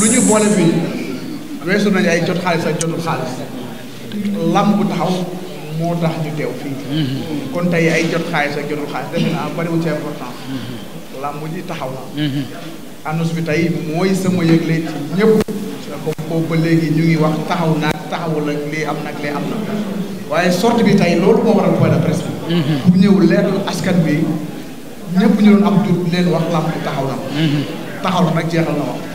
lu ñu boole fii weesu nañu ay jot xaalis ak jotul xaalis lamb bu taxaw moo tax ñu teew fii mm-hmm. kon tey ay jot xaalis ak jotul xaalis defe naa bariwul ci importance mm-hmm. lamb ji taxaw la mm-hmm. bi tey mooy sama yëgle ñëpp comme ba léegi ñu ngi wax taxaw naag taxawul ak li am nag lii am na waaye sorte bi tey loolu moo waral point de presse bi bu ñëw leeral askan bi ñëpp ñu doon am dut leen wax lamb bi taxaw na taxaw na nag jeexal na wax